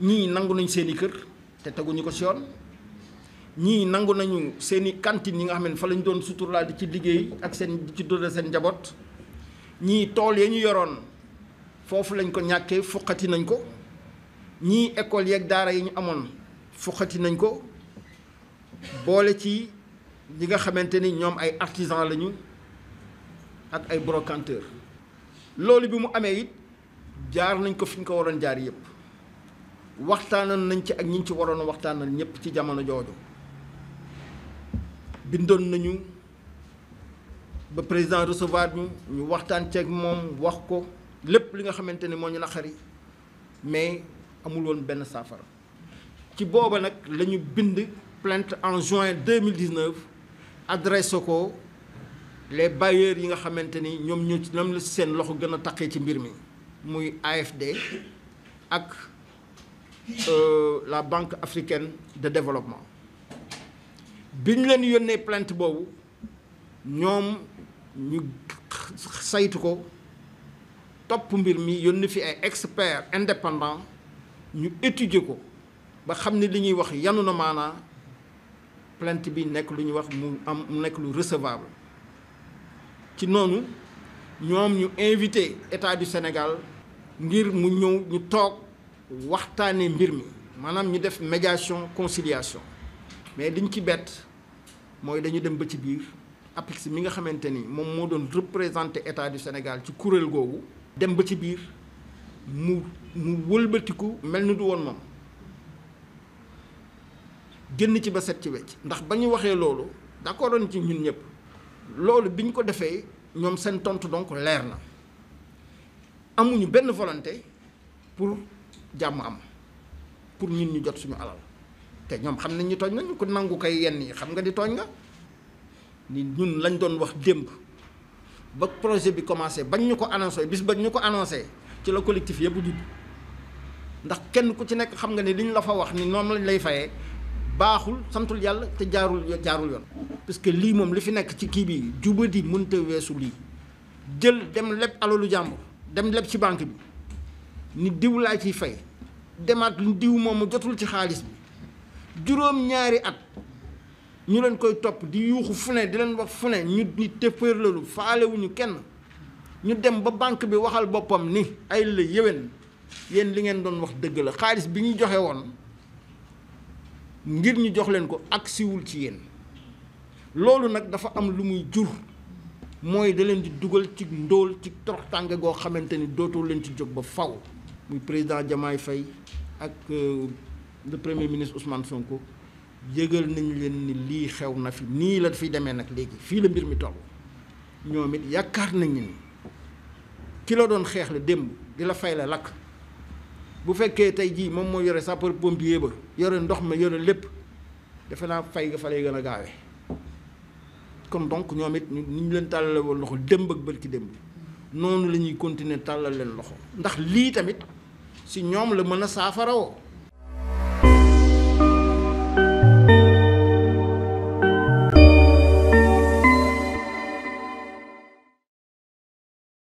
ñi nangu nañ seeni kër té teguñu ko si yoon ñii nangu nañu seeni cantine yi nga xamné fa lañ doon la di ci liggéey ak seen di ci dundal seen jabot ñi tol ya yoron fofu lañ ko ñaké fukati nañ ko ñi école yeeg daara yi ñu amon fukati nañ ko boole ci ñi nga xamanteni ñom ay artisan lañu ak ay brocanteur loolu bi mu amé it jaar nañ ko fiñ ko waron jaar yépp waxtaanal nañ ci ak ñi ci waroon waxtaanal ñëpp ci jamono jooju bindoon nañu ba président recevoir ñu ñu waxtaan ceeg moom wax ko lépp li nga xamante ni moo ñu naqari mais amul benn saafara ci booba nag la ñu bind plante en juin 2019 adressé ko les bailleurs yi nga xamante ni ñoom ñoo ci ñoom la seen loxo gën a taqee ci mbir mi muy AFD ak. Euh, la Banque africaine de développement Si nous avons eu plainte boobu Nous ñu saytu ko mbir experts indépendants ñu étudier ko ba wax plainte bi wax mu recevable ci nonu invité état du Sénégal ngir mu ñu waxtane mbir mi maanaam ñu def médiation conciliation mais liñ ci bett moy dañu dem ba ci bir apex mi nga xamanteni mom mo moo doon état du Sénégal ci kuréel googu. dem ba ci bir, mu mu wëlbatiku mel du won mom genn ci ba set ci wécc ndax bañu waxé lolu loolu d'accord ci ñun ñëpp lolu biñ ko défé ñom sen tontu donc leer na amuñu benn volonté pour. jamam pour ñin ñu jot suñu alal té ñom xam nañ ñu togn nañ ku nangu kay yenn yi xam nga di togn nga ni ñun lañ doon wax demb ba projet bi commencé bañ ñu ko annoncé bis bañ ñu ko annoncé ci la collectif yeb judd ndax kenn ku ci nek xam nga ni liñ la fa wax ni normal lañ lay fayé baxul santul yalla te jaarul jaarul yoon parce que li mom li fi nek ci ki bi jubadi mënta weesu lii jël dem leb alolu jambo dem leb ci banque bi ni diw laa ciy fay demaat diw moomu jotul ci xaalis bi juróom-ñaari at ñu leen koy topp di yuuxu fu ne di leen wax fu ne ñu di tëppër faalewuñu kenn ñu dem ba banque bi waxal boppam ni ay la yéwén yéen li ngeen doon wax dëgg la xaalis bi ñu joxe woon ngir ñu jox leen ko agsiwul ci yéen loolu nag dafa am lu muy jur mooy da leen di dugal ci ndóol ci toroxtànge goo xamante ni dootoo leen ci jóg ba faw muy président Diomaye fay ak euh, le premier ministre Ousmane Sonko yëgal nañu leen ni lii xew na fi nii la fiy demee nag léegi fii la mbir mi toll ñoom it yaakaar nañu ni ki la doon xeex la démb di la fay la lakk bu fekkee tey jii moom mooy yore sapeur pompier ba yore ndox ma yore lépp defe naa fay nga fa gën a gaawe kon donc ñoom it ñu ñu leen tàllale woon loxo démb ak bërki démb noonu la ñuy continuer tàllal leen loxo ndax lii tamit. si ñoom la mën a saafarawoo